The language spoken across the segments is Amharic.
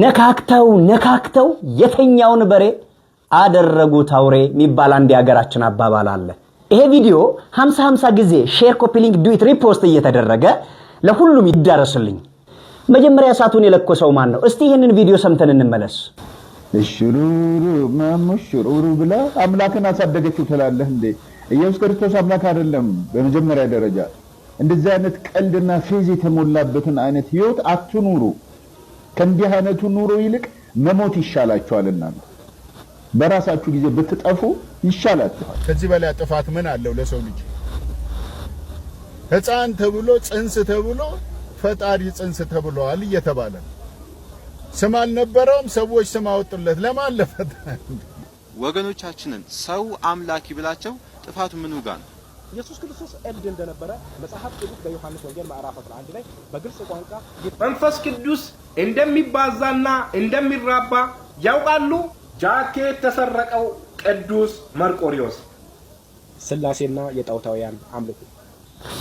ነካክተው ነካክተው የተኛውን በሬ አደረጉት አውሬ የሚባል አንድ የሀገራችን አባባል አለ። ይሄ ቪዲዮ 50 50 ጊዜ ሼር፣ ኮፒ ሊንክ፣ ዱዊት፣ ሪፖስት እየተደረገ ለሁሉም ይዳረስልኝ። መጀመሪያ እሳቱን የለኮሰው ማን ነው? እስቲ ይህንን ቪዲዮ ሰምተን እንመለስ። ሽሩሩ ሽሩሩ ብላ አምላክን አሳደገችው ትላለህ እንዴ? ኢየሱስ ክርስቶስ አምላክ አይደለም። በመጀመሪያ ደረጃ እንደዚህ አይነት ቀልድና ፌዝ የተሞላበትን አይነት ህይወት አትኑሩ። ከእንዲህ አይነቱ ኑሮ ይልቅ መሞት ይሻላችኋል። በራሳችሁ ጊዜ ብትጠፉ ይሻላችኋል። ከዚህ በላይ ጥፋት ምን አለው ለሰው ልጅ? ሕፃን ተብሎ ጽንስ ተብሎ ፈጣሪ ጽንስ ተብሏል እየተባለ ስም አልነበረውም፣ ሰዎች ስም አወጡለት። ለማን ወገኖቻችንን ሰው አምላክ ይብላቸው። ጥፋቱ ምኑ ጋር ነው? ኢየሱስ ክርስቶስ እብድ እንደነበረ መጽሐፍ ቅዱስ በዮሐንስ ወንጌል ምዕራፍ 11 ላይ በግልጽ ቋንቋ መንፈስ ቅዱስ እንደሚባዛና እንደሚራባ ያውቃሉ። ጃኬት ተሰረቀው ቅዱስ መርቆሪዎስ ስላሴና የጣውታውያን አምልኮ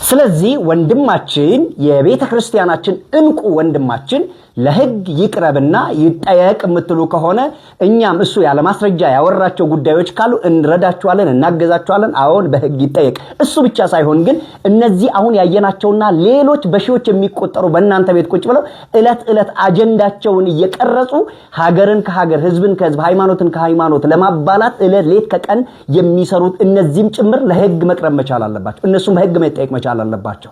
ስለዚህ ወንድማችን የቤተ ክርስቲያናችን እንቁ ወንድማችን ለሕግ ይቅረብና ይጠየቅ የምትሉ ከሆነ እኛም እሱ ያለማስረጃ ያወራቸው ጉዳዮች ካሉ እንረዳችኋለን፣ እናገዛችኋለን። አዎን በሕግ ይጠየቅ። እሱ ብቻ ሳይሆን ግን እነዚህ አሁን ያየናቸውና ሌሎች በሺዎች የሚቆጠሩ በእናንተ ቤት ቁጭ ብለው እለት እለት አጀንዳቸውን እየቀረጹ ሀገርን ከሀገር ሕዝብን ከሕዝብ ሃይማኖትን ከሃይማኖት ለማባላት ሌት ከቀን የሚሰሩት እነዚህም ጭምር ለሕግ መቅረብ መቻል አለባቸው። እነሱም በሕግ መጠየቅ መቻል አለባቸው።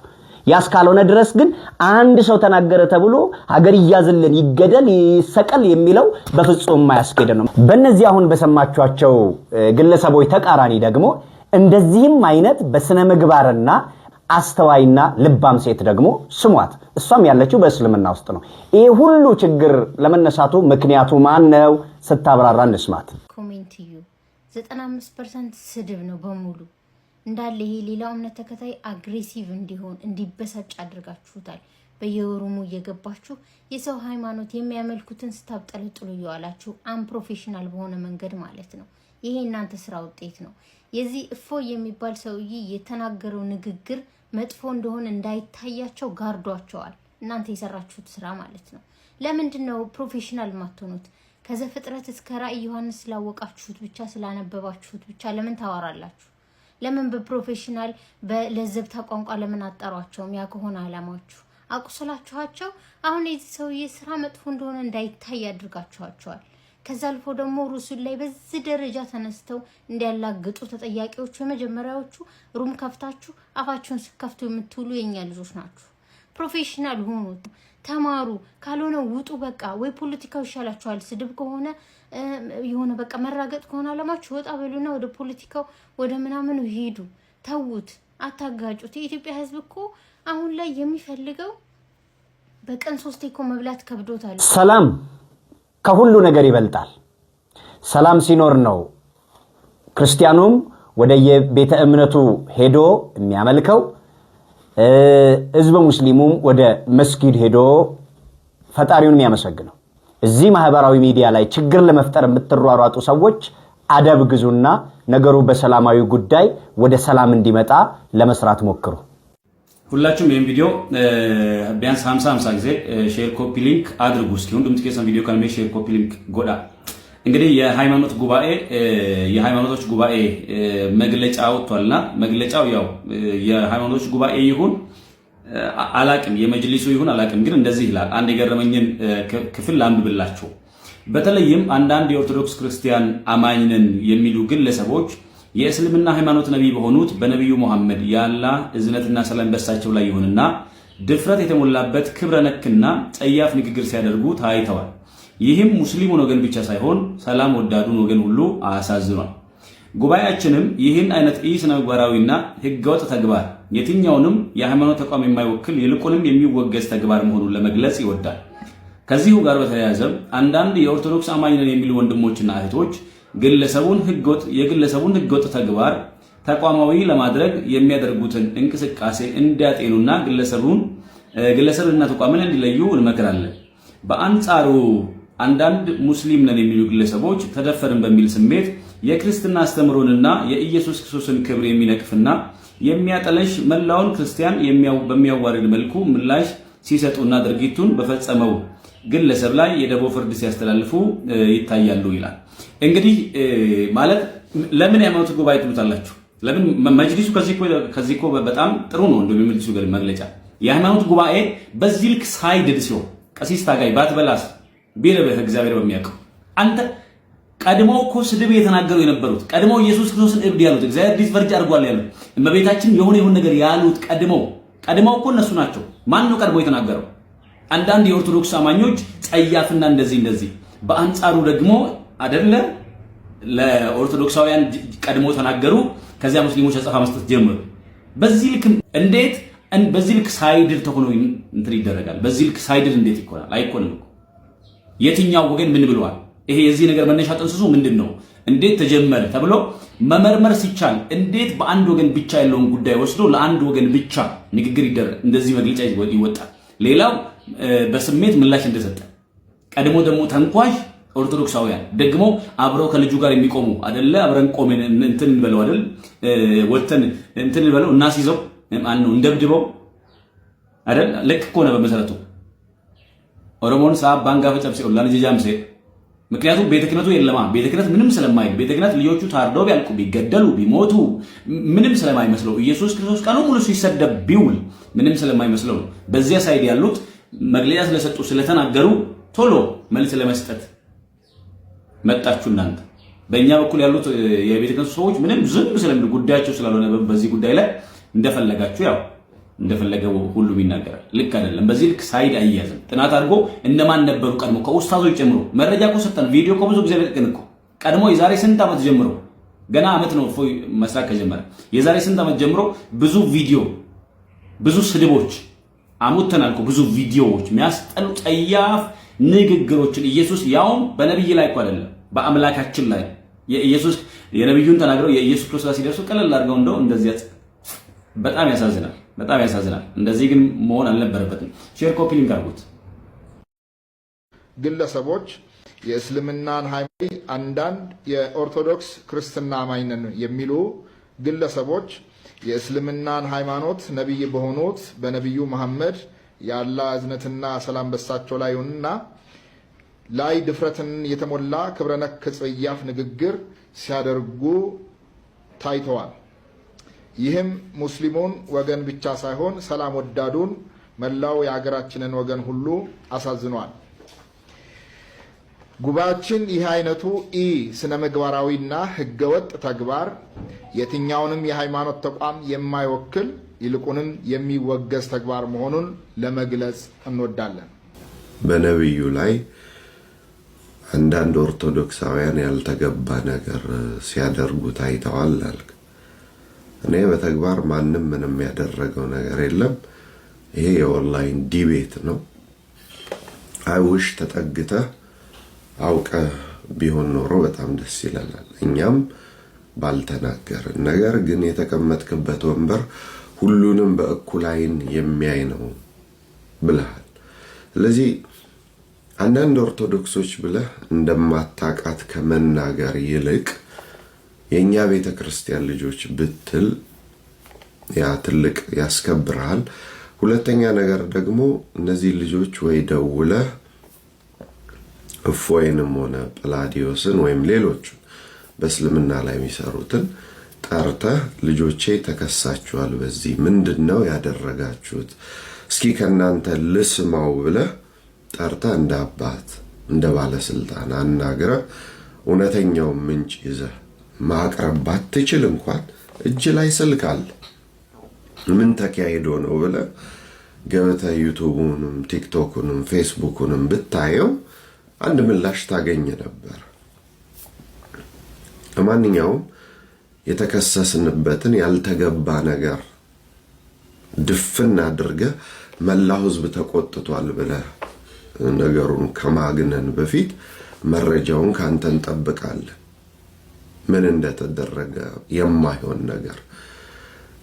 ያስ ካልሆነ ድረስ ግን አንድ ሰው ተናገረ ተብሎ ሀገር ይያዝልን፣ ይገደል፣ ይሰቀል የሚለው በፍጹም የማያስኬድ ነው። በእነዚህ አሁን በሰማችኋቸው ግለሰቦች ተቃራኒ ደግሞ እንደዚህም አይነት በስነ ምግባርና አስተዋይና ልባም ሴት ደግሞ ስሟት። እሷም ያለችው በእስልምና ውስጥ ነው። ይሄ ሁሉ ችግር ለመነሳቱ ምክንያቱ ማን ነው? ስታብራራ እንስማት። ኮሜንት ዩ 95 ፐርሰንት ስድብ ነው በሙሉ እንዳለ ይሄ ሌላው እምነት ተከታይ አግሬሲቭ እንዲሆን እንዲበሳጭ አድርጋችሁታል። በየወሩሙ እየገባችሁ የሰው ሃይማኖት የሚያመልኩትን ስታብጠለጥሉ እየዋላችሁ አንፕሮፌሽናል በሆነ መንገድ ማለት ነው። ይሄ እናንተ ስራ ውጤት ነው። የዚህ እፎ የሚባል ሰውዬ የተናገረው ንግግር መጥፎ እንደሆነ እንዳይታያቸው ጋርዷቸዋል። እናንተ የሰራችሁት ስራ ማለት ነው። ለምንድን ነው ፕሮፌሽናል ማትሆኑት? ከዘፍጥረት እስከ ራእይ ዮሐንስ ስላወቃችሁት ብቻ ስላነበባችሁት ብቻ ለምን ታወራላችሁ? ለምን በፕሮፌሽናል በለዘብታ ቋንቋ ለምን አጠሯቸውም? ያ ከሆነ አላማችሁ አቁስላችኋቸው አሁን የዚህ ሰውዬ ስራ መጥፎ እንደሆነ እንዳይታይ አድርጋችኋቸዋል። ከዛ አልፎ ደግሞ ሩሱን ላይ በዚህ ደረጃ ተነስተው እንዲያላግጡ ተጠያቂዎቹ የመጀመሪያዎቹ ሩም ከፍታችሁ አፋችሁን ስከፍቱ የምትውሉ የኛ ልጆች ናችሁ። ፕሮፌሽናል ሁኑ፣ ተማሩ። ካልሆነ ውጡ። በቃ ወይ ፖለቲካው ይሻላችኋል፣ ስድብ ከሆነ የሆነ በቃ መራገጥ ከሆነ አላማችሁ ወጣ በሉና ወደ ፖለቲካው ወደ ምናምኑ ሄዱ። ተዉት፣ አታጋጩት። የኢትዮጵያ ሕዝብ እኮ አሁን ላይ የሚፈልገው በቀን ሶስቴ እኮ መብላት ከብዶታል። ሰላም ከሁሉ ነገር ይበልጣል። ሰላም ሲኖር ነው ክርስቲያኑም ወደ የቤተ እምነቱ ሄዶ የሚያመልከው ህዝበ ሙስሊሙም ወደ መስጊድ ሄዶ ፈጣሪውን የሚያመሰግነው። እዚህ ማህበራዊ ሚዲያ ላይ ችግር ለመፍጠር የምትሯሯጡ ሰዎች አደብ ግዙና ነገሩ በሰላማዊ ጉዳይ ወደ ሰላም እንዲመጣ ለመስራት ሞክሩ። ሁላችሁም ይህን ቪዲዮ ቢያንስ 50 50 ጊዜ ሼር ኮፒ ሊንክ አድርጉ። እስኪ ሁንዱም ትኬሰን ቪዲዮ ከነ ሼር ኮፒ ሊንክ ጎዳ እንግዲህ የሃይማኖት ጉባኤ የሃይማኖቶች ጉባኤ መግለጫ ወጥቷልና መግለጫው ያው የሃይማኖቶች ጉባኤ ይሁን አላቅም የመጅሊሱ ይሁን አላቅም፣ ግን እንደዚህ ይላል። አንድ የገረመኝን ክፍል ላንብብላችሁ። በተለይም አንዳንድ የኦርቶዶክስ ክርስቲያን አማኝነን የሚሉ ግለሰቦች የእስልምና ሃይማኖት ነቢይ በሆኑት በነቢዩ መሐመድ ያላ እዝነትና ሰላም በሳቸው ላይ ይሁንና ድፍረት የተሞላበት ክብረ ነክና ጸያፍ ንግግር ሲያደርጉ ታይተዋል። ይህም ሙስሊሙን ወገን ብቻ ሳይሆን ሰላም ወዳዱን ወገን ሁሉ አሳዝኗል። ጉባኤያችንም ይህን አይነት ኢስነጓራዊና ህገወጥ ተግባር የትኛውንም የሃይማኖት ተቋም የማይወክል ይልቁንም የሚወገዝ ተግባር መሆኑን ለመግለጽ ይወዳል። ከዚሁ ጋር በተያያዘ አንዳንድ የኦርቶዶክስ አማኝ ነን የሚሉ ወንድሞችና እህቶች የግለሰቡን ህገወጥ ተግባር ተቋማዊ ለማድረግ የሚያደርጉትን እንቅስቃሴ እንዲያጤኑና ግለሰብንና ተቋምን እንዲለዩ እንመክራለን። በአንጻሩ አንዳንድ ሙስሊም ነን የሚሉ ግለሰቦች ተደፈርን በሚል ስሜት የክርስትና አስተምሮንና የኢየሱስ ክርስቶስን ክብር የሚነቅፍና የሚያጠለሽ መላውን ክርስቲያን በሚያዋርድ መልኩ ምላሽ ሲሰጡና ድርጊቱን በፈጸመው ግለሰብ ላይ የደቦ ፍርድ ሲያስተላልፉ ይታያሉ ይላል። እንግዲህ ማለት ለምን የሃይማኖት ጉባኤ ትሉታላችሁ? ለምን መጅሊሱ ከዚህ እኮ በጣም ጥሩ ነው። እንደ የመጅሊሱ መግለጫ የሃይማኖት ጉባኤ በዚህ ልክ ሳይድድ ሲሆን ቀሲስ ታጋይ ባትበላስ ቢርብህ እግዚአብሔር በሚያውቀው አንተ ቀድመው እኮ ስድብ እየተናገሩ የነበሩት ቀድመው ኢየሱስ ክርስቶስን እብድ ያሉት እግዚአብሔር ዲስቨርጅ አድርጓል ያሉት እመቤታችን የሆነ የሆነ ነገር ያሉት ቀድመው ቀድመው እኮ እነሱ ናቸው። ማን ነው ቀድሞ የተናገረው? አንዳንድ የኦርቶዶክስ አማኞች ጸያፍና እንደዚህ እንደዚህ። በአንጻሩ ደግሞ አደለ ለኦርቶዶክሳውያን ቀድሞ ተናገሩ፣ ከዚያ ሙስሊሞች አጸፋ መስጠት ጀመሩ። በዚህ ልክ እንዴት በዚህ ልክ ሳይድር ተሆኖ እንትን ይደረጋል? በዚህ ልክ ሳይድር እንዴት ይኮናል? አይኮንም የትኛው ወገን ምን ብለዋል? ይሄ የዚህ ነገር መነሻ ጥንስሱ ምንድን ነው? እንዴት ተጀመረ ተብሎ መመርመር ሲቻል እንዴት በአንድ ወገን ብቻ ያለውን ጉዳይ ወስዶ ለአንድ ወገን ብቻ ንግግር ይደረግ፣ እንደዚህ መግለጫ ይወጣል። ሌላው በስሜት ምላሽ እንደሰጠ ቀድሞ ደግሞ ተንኳሽ ኦርቶዶክሳውያን ደግሞ አብረው ከልጁ ጋር የሚቆሙ አደለ፣ አብረን ቆመን እንትን እንበለው አደል ወተን እንትን እንበለው እናስይዘው፣ ማነው እንደብድበው አደል ልክ እኮ በመሰረቱ ኦሮሞን ሳብ ባንጋ ፈጨብሴ ኦላን ጀጃምሴ ምክንያቱም ቤተ ክህነቱ የለማ ቤተ ክህነት ምንም ስለማይ ቤተ ክህነት ልጆቹ ታርደው ቢያልቁ ቢገደሉ ቢሞቱ ምንም ስለማይመስለው ኢየሱስ ክርስቶስ ቀኑ ሙሉ ሲሰደብ ቢውል ምንም ስለማይመስለው ነው። በዚያ ሳይድ ያሉት መግለጫ ስለሰጡ ስለተናገሩ ቶሎ መልስ ለመስጠት መጣችሁ እናንተ። በእኛ በኩል ያሉት የቤተ ክህነቱ ሰዎች ምንም ዝም ስለሚሉ ጉዳያቸው ስላልሆነ በዚህ ጉዳይ ላይ እንደፈለጋችሁ ያው እንደፈለገ ሁሉም ይናገራል። ልክ አይደለም። በዚህ ልክ ሳይድ አያያዝም። ጥናት አድርጎ እነማን ነበሩ ቀድሞ ከኡስታዞች ጀምሮ መረጃ እኮ ሰጠን። ቪዲዮ እኮ ብዙ ጊዜ ልቅን እኮ ቀድሞ የዛሬ ስንት ዓመት ጀምሮ ገና ዓመት ነው እፎይ መስራት ከጀመረ የዛሬ ስንት ዓመት ጀምሮ ብዙ ቪዲዮ፣ ብዙ ስድቦች አሙተናል እኮ ብዙ ቪዲዮዎች የሚያስጠሉ ጸያፍ ንግግሮችን ኢየሱስ ያውም በነቢይ ላይ እኮ አይደለም በአምላካችን ላይ የኢየሱስ የነቢዩን ተናግረው የኢየሱስ ክርስቶስ ሲደርሱ ቀለል አድርገው እንደው እንደዚያ በጣም ያሳዝናል። በጣም ያሳዝናል። እንደዚህ ግን መሆን አልነበረበትም። ሼር ኮፒ ሊንክ አድርጉት። ግለሰቦች የእስልምናን ሃይማኖት አንዳንድ የኦርቶዶክስ ክርስትና አማኝ የሚሉ ግለሰቦች የእስልምናን ሃይማኖት ነቢይ በሆኑት በነቢዩ መሐመድ የአላ እዝነትና ሰላም በሳቸው ላይ ይሁንና ላይ ድፍረትን የተሞላ ክብረነክ ጽያፍ ንግግር ሲያደርጉ ታይተዋል። ይህም ሙስሊሙን ወገን ብቻ ሳይሆን ሰላም ወዳዱን መላው የሀገራችንን ወገን ሁሉ አሳዝኗል። ጉባኤያችን ይህ አይነቱ ኢ ስነ ምግባራዊና ህገወጥ ተግባር የትኛውንም የሃይማኖት ተቋም የማይወክል ይልቁንም የሚወገዝ ተግባር መሆኑን ለመግለጽ እንወዳለን። በነቢዩ ላይ አንዳንድ ኦርቶዶክሳውያን ያልተገባ ነገር ሲያደርጉ ታይተዋል አልክ። እኔ በተግባር ማንም ምንም ያደረገው ነገር የለም። ይሄ የኦንላይን ዲቤት ነው። አይውሽ ተጠግተህ አውቀህ ቢሆን ኖሮ በጣም ደስ ይለናል። እኛም ባልተናገርን፣ ነገር ግን የተቀመጥክበት ወንበር ሁሉንም በእኩል አይን የሚያይ ነው ብለሃል። ስለዚህ አንዳንድ ኦርቶዶክሶች ብለህ እንደማታቃት ከመናገር ይልቅ የእኛ ቤተ ክርስቲያን ልጆች ብትል ያ ትልቅ ያስከብርሃል። ሁለተኛ ነገር ደግሞ እነዚህ ልጆች ወይ ደውለህ እፎይንም ሆነ ጵላዲዮስን ወይም ሌሎቹ በእስልምና ላይ የሚሰሩትን ጠርተህ ልጆቼ ተከሳችኋል፣ በዚህ ምንድን ነው ያደረጋችሁት? እስኪ ከእናንተ ልስማው ብለህ ጠርተህ እንደ አባት እንደ ባለስልጣን አናግረህ እውነተኛውን ምንጭ ይዘህ ማቅረብ ባትችል እንኳን እጅ ላይ ስልክ አለ። ምን ተካሂዶ ነው ብለ ገብተህ ዩቱቡንም ቲክቶኩንም ፌስቡኩንም ብታየው አንድ ምላሽ ታገኝ ነበር። ለማንኛውም የተከሰስንበትን ያልተገባ ነገር ድፍን አድርገህ መላው ሕዝብ ተቆጥቷል ብለህ ነገሩን ከማግነን በፊት መረጃውን ካንተ እንጠብቃለን። ምን እንደተደረገ የማይሆን ነገር።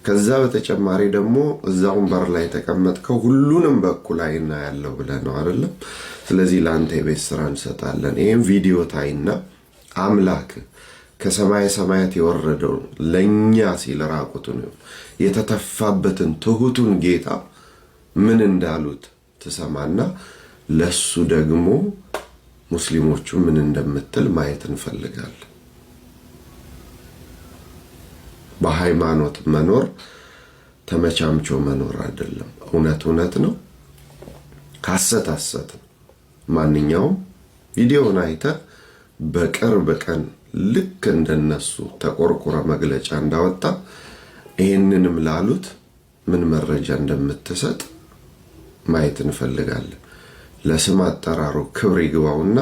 ከዛ በተጨማሪ ደግሞ እዛውን በር ላይ ተቀመጥከው ሁሉንም በኩል አይና ያለው ብለ ነው አይደለም? ስለዚህ ለአንተ የቤት ስራ እንሰጣለን። ይህም ቪዲዮ ታይና አምላክ ከሰማይ ሰማያት የወረደው ለእኛ ሲል ራቁቱን የተተፋበትን ትሁቱን ጌታ ምን እንዳሉት ትሰማና ለሱ ደግሞ ሙስሊሞቹ ምን እንደምትል ማየት እንፈልጋለን። በሃይማኖት መኖር ተመቻምቾ መኖር አይደለም። እውነት እውነት ነው፣ ሐሰት ሐሰት ነው። ማንኛውም ቪዲዮን አይተህ በቅርብ ቀን ልክ እንደነሱ ተቆርቁረ መግለጫ እንዳወጣ ይህንንም ላሉት ምን መረጃ እንደምትሰጥ ማየት እንፈልጋለን። ለስም አጠራሩ ክብር ይግባውና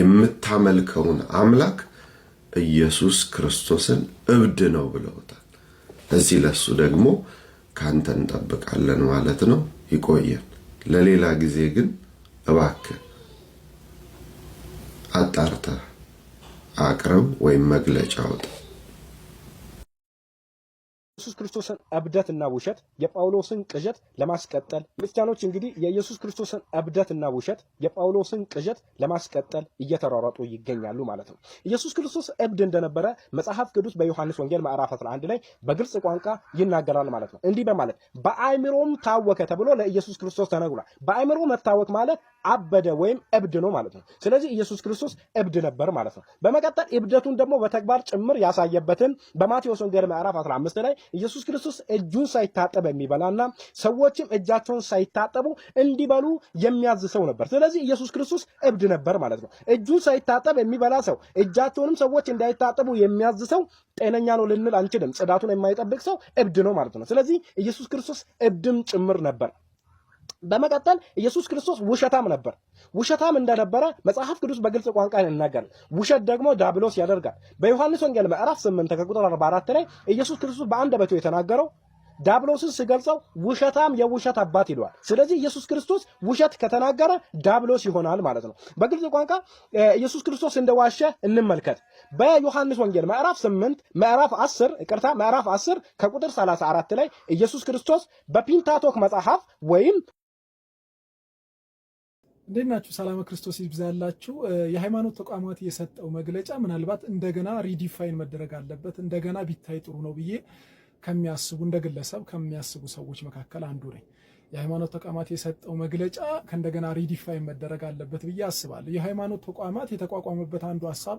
የምታመልከውን አምላክ ኢየሱስ ክርስቶስን እብድ ነው ብለውታል። እዚህ ለሱ ደግሞ ካንተ እንጠብቃለን ማለት ነው። ይቆየን። ለሌላ ጊዜ ግን እባክህ አጣርተህ አቅርብ ወይም መግለጫ አውጣ። የኢየሱስ ክርስቶስን እብደት እና ውሸት የጳውሎስን ቅዠት ለማስቀጠል ክርስቲያኖች እንግዲህ የኢየሱስ ክርስቶስን እብደት እና ውሸት የጳውሎስን ቅዠት ለማስቀጠል እየተሯሯጡ ይገኛሉ ማለት ነው። ኢየሱስ ክርስቶስ እብድ እንደነበረ መጽሐፍ ቅዱስ በዮሐንስ ወንጌል ምዕራፍ 11 ላይ በግልጽ ቋንቋ ይናገራል ማለት ነው። እንዲህ በማለት በአእምሮም ታወከ ተብሎ ለኢየሱስ ክርስቶስ ተነግሯል። በአእምሮ መታወክ ማለት አበደ ወይም እብድ ነው ማለት ነው። ስለዚህ ኢየሱስ ክርስቶስ እብድ ነበር ማለት ነው። በመቀጠል እብደቱን ደግሞ በተግባር ጭምር ያሳየበትን በማቴዎስ ወንጌል ምዕራፍ 15 ላይ ኢየሱስ ክርስቶስ እጁን ሳይታጠብ የሚበላና ሰዎችም እጃቸውን ሳይታጠቡ እንዲበሉ የሚያዝ ሰው ነበር። ስለዚህ ኢየሱስ ክርስቶስ እብድ ነበር ማለት ነው። እጁን ሳይታጠብ የሚበላ ሰው፣ እጃቸውንም ሰዎች እንዳይታጠቡ የሚያዝ ሰው ጤነኛ ነው ልንል አንችልም። ጽዳቱን የማይጠብቅ ሰው እብድ ነው ማለት ነው። ስለዚህ ኢየሱስ ክርስቶስ እብድም ጭምር ነበር። በመቀጠል ኢየሱስ ክርስቶስ ውሸታም ነበር። ውሸታም እንደነበረ መጽሐፍ ቅዱስ በግልጽ ቋንቋ ይናገራል። ውሸት ደግሞ ዳብሎስ ያደርጋል። በዮሐንስ ወንጌል ምዕራፍ 8 ከቁጥር 44 ላይ ኢየሱስ ክርስቶስ በአንደበቱ የተናገረው ዳብሎስን ሲገልጸው ውሸታም የውሸት አባት ይለዋል። ስለዚህ ኢየሱስ ክርስቶስ ውሸት ከተናገረ ዳብሎስ ይሆናል ማለት ነው። በግልጽ ቋንቋ ኢየሱስ ክርስቶስ እንደዋሸ እንመልከት። በዮሐንስ ወንጌል ምዕራፍ 8 ምዕራፍ 10 ይቅርታ ምዕራፍ 10 ከቁጥር 34 ላይ ኢየሱስ ክርስቶስ በፒንታቶክ መጽሐፍ ወይም እንዴት ናችሁ? ሰላም ክርስቶስ ይብዛላችሁ። የሃይማኖት ተቋማት የሰጠው መግለጫ ምናልባት እንደገና ሪዲፋይን መደረግ አለበት እንደገና ቢታይ ጥሩ ነው ብዬ ከሚያስቡ እንደ ግለሰብ ከሚያስቡ ሰዎች መካከል አንዱ ነኝ። የሃይማኖት ተቋማት የሰጠው መግለጫ ከእንደገና ሪዲፋይን መደረግ አለበት ብዬ አስባለሁ። የሃይማኖት ተቋማት የተቋቋመበት አንዱ ሀሳብ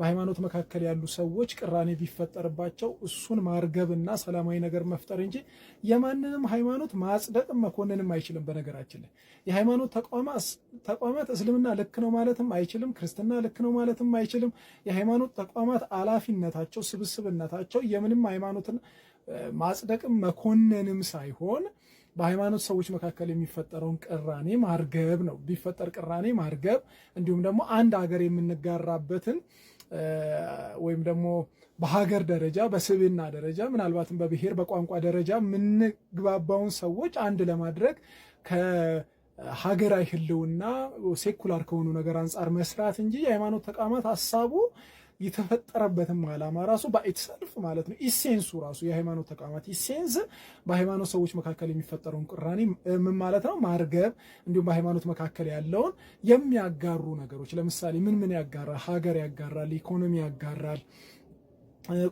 በሃይማኖት መካከል ያሉ ሰዎች ቅራኔ ቢፈጠርባቸው እሱን ማርገብና ሰላማዊ ነገር መፍጠር እንጂ የማንንም ሃይማኖት ማጽደቅም መኮንንም አይችልም። በነገራችን ላይ የሃይማኖት ተቋማት እስልምና ልክ ነው ማለትም አይችልም፣ ክርስትና ልክ ነው ማለትም አይችልም። የሃይማኖት ተቋማት አላፊነታቸው፣ ስብስብነታቸው የምንም ሃይማኖትን ማጽደቅም መኮንንም ሳይሆን በሃይማኖት ሰዎች መካከል የሚፈጠረውን ቅራኔ ማርገብ ነው። ቢፈጠር ቅራኔ ማርገብ እንዲሁም ደግሞ አንድ ሀገር የምንጋራበትን ወይም ደግሞ በሀገር ደረጃ በስብና ደረጃ ምናልባትም በብሔር በቋንቋ ደረጃ የምንግባባውን ሰዎች አንድ ለማድረግ ከሀገራዊ ህልውና ሴኩላር ከሆኑ ነገር አንጻር መስራት እንጂ የሃይማኖት ተቋማት ሀሳቡ የተፈጠረበትም ዓላማ ራሱ በኢትሰልፍ ማለት ነው ኢሴንሱ ራሱ የሃይማኖት ተቋማት ኢሴንስ በሃይማኖት ሰዎች መካከል የሚፈጠረውን ቅራኔ ምን ማለት ነው ማርገብ፣ እንዲሁም በሃይማኖት መካከል ያለውን የሚያጋሩ ነገሮች ለምሳሌ ምን ምን ያጋራል? ሀገር ያጋራል፣ ኢኮኖሚ ያጋራል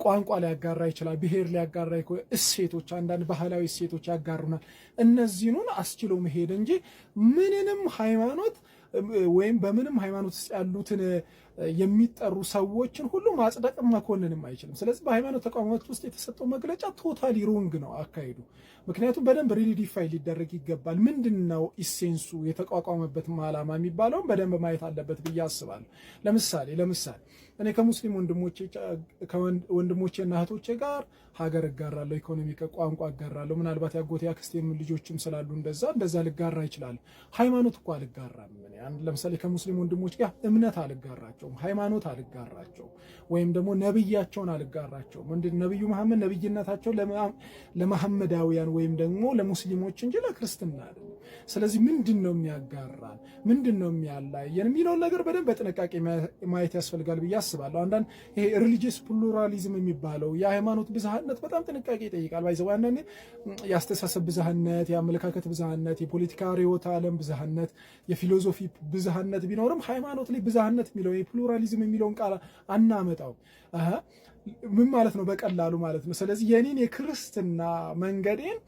ቋንቋ ሊያጋራ ይችላል። ብሔር ሊያጋራ እሴቶች፣ አንዳንድ ባህላዊ እሴቶች ያጋሩናል። እነዚህኑን አስችሎ መሄድ እንጂ ምንንም ሃይማኖት ወይም በምንም ሃይማኖት ውስጥ ያሉትን የሚጠሩ ሰዎችን ሁሉ ማጽደቅ መኮንንም አይችልም። ስለዚህ በሃይማኖት ተቋማት ውስጥ የተሰጠው መግለጫ ቶታሊ ሮንግ ነው አካሄዱ። ምክንያቱም በደንብ ሪዲፋይ ሊደረግ ይገባል። ምንድን ነው ኢሴንሱ የተቋቋመበትም ዓላማ የሚባለውን በደንብ ማየት አለበት ብዬ አስባለሁ። ለምሳሌ ለምሳሌ እኔ ከሙስሊም ወንድሞቼ እና እህቶቼ ጋር ሀገር እጋራለሁ፣ ኢኮኖሚ ቋንቋ እጋራለሁ። ምናልባት ያጎቴ አክስቴም ልጆችም ስላሉ እንደዛ እንደዛ ልጋራ ይችላል። ሃይማኖት እኮ አልጋራም። ለምሳሌ ከሙስሊም ወንድሞች ጋር እምነት አልጋራቸውም፣ ሃይማኖት አልጋራቸውም፣ ወይም ደግሞ ነብያቸውን አልጋራቸውም። ነብዩ መሐመድ ነብይነታቸው ለመሐመዳውያን ወይም ደግሞ ለሙስሊሞች እንጂ ለክርስትና አይደለም። ስለዚህ ምንድን ነው የሚያጋራን፣ ምንድን ነው የሚያላየን የሚለውን ነገር በደንብ በጥንቃቄ ማየት ያስፈልጋል ብያ አስባለሁ። አንዳንድ ይሄ ሪሊጂየስ ፕሉራሊዝም የሚባለው የሃይማኖት ብዝሃነት በጣም ጥንቃቄ ይጠይቃል። ባይዘው አንዳንዴ የአስተሳሰብ ብዝሃነት፣ የአመለካከት ብዝሃነት፣ የፖለቲካ ርዕዮተ ዓለም ብዝሃነት፣ የፊሎዞፊ ብዝሃነት ቢኖርም ሃይማኖት ላይ ብዝሃነት የሚለው ፕሉራሊዝም የሚለውን ቃል አናመጣው። ምን ማለት ነው? በቀላሉ ማለት ነው። ስለዚህ የኔን የክርስትና መንገዴን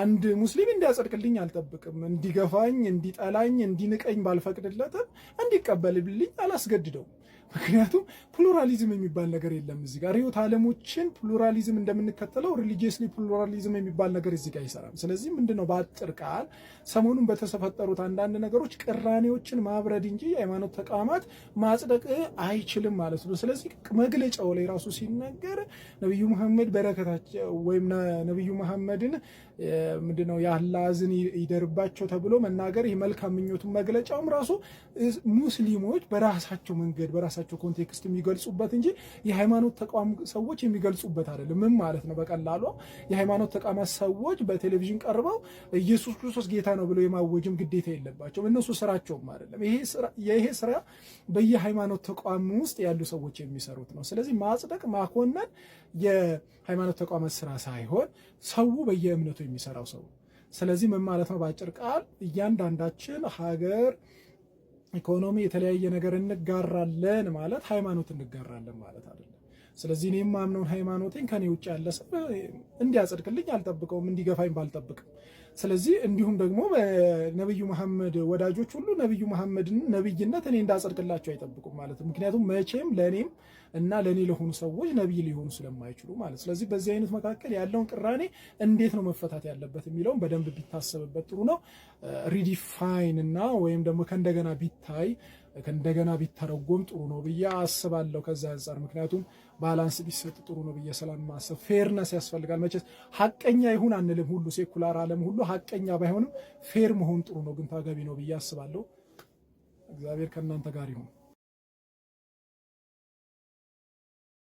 አንድ ሙስሊም እንዲያጸድቅልኝ አልጠብቅም። እንዲገፋኝ፣ እንዲጠላኝ፣ እንዲንቀኝ ባልፈቅድለትም እንዲቀበልልኝ አላስገድደውም። ምክንያቱም ፕሉራሊዝም የሚባል ነገር የለም እዚህ ጋር ሪዮት ዓለሞችን ፕሉራሊዝም እንደምንከተለው ሪሊጂየስሊ ፕሉራሊዝም የሚባል ነገር እዚህ ጋር አይሰራም። ስለዚህ ምንድነው በአጭር ቃል ሰሞኑን በተፈጠሩት አንዳንድ ነገሮች ቅራኔዎችን ማብረድ እንጂ የሃይማኖት ተቋማት ማጽደቅ አይችልም ማለት ነው። ስለዚህ መግለጫው ላይ ራሱ ሲነገር ነቢዩ መሐመድ በረከታቸው ወይም ነቢዩ መሐመድን ምንድነው የአላ ይደርባቸው ተብሎ መናገር ይህ መልካም ምኞቱን መግለጫውም ራሱ ሙስሊሞች በራሳቸው መንገድ በራሳቸው በራሳቸው ኮንቴክስት የሚገልጹበት እንጂ የሃይማኖት ተቋም ሰዎች የሚገልጹበት አይደለም። ምን ማለት ነው? በቀላሉ የሃይማኖት ተቋማት ሰዎች በቴሌቪዥን ቀርበው ኢየሱስ ክርስቶስ ጌታ ነው ብለው የማወጅም ግዴታ የለባቸውም። እነሱ ስራቸውም አይደለም። ይሄ ስራ በየሃይማኖት ተቋም ውስጥ ያሉ ሰዎች የሚሰሩት ነው። ስለዚህ ማጽደቅ፣ ማኮነን የሃይማኖት ተቋማት ስራ ሳይሆን ሰው በየእምነቱ የሚሰራው ሰው ስለዚህ ምን ማለት ነው? በአጭር ቃል እያንዳንዳችን ሀገር ኢኮኖሚ የተለያየ ነገር እንጋራለን ማለት ሃይማኖት እንጋራለን ማለት አይደለም። ስለዚህ እኔ የማምነውን ሃይማኖቴን ከኔ ውጭ ያለ ሰው እንዲያጸድቅልኝ አልጠብቀውም፣ እንዲገፋኝ ባልጠብቅም። ስለዚህ እንዲሁም ደግሞ ነብዩ መሐመድ ወዳጆች ሁሉ ነብዩ መሐመድን ነብይነት እኔ እንዳጸድቅላቸው አይጠብቁም ማለት ምክንያቱም መቼም ለእኔም እና ለእኔ ለሆኑ ሰዎች ነቢይ ሊሆኑ ስለማይችሉ ማለት። ስለዚህ በዚህ አይነት መካከል ያለውን ቅራኔ እንዴት ነው መፈታት ያለበት የሚለውን በደንብ ቢታሰብበት ጥሩ ነው። ሪዲፋይን እና ወይም ደግሞ ከእንደገና ቢታይ ከእንደገና ቢተረጎም ጥሩ ነው ብዬ አስባለሁ። ከዛ አንጻር ምክንያቱም ባላንስ ቢሰጥ ጥሩ ነው ብዬ ማሰብ ፌርነስ ያስፈልጋል። መቼስ ሀቀኛ ይሁን አንልም። ሁሉ ሴኩላር ዓለም ሁሉ ሀቀኛ ባይሆንም ፌር መሆን ጥሩ ነው፣ ግን ታገቢ ነው ብዬ አስባለሁ። እግዚአብሔር ከእናንተ ጋር ይሁን።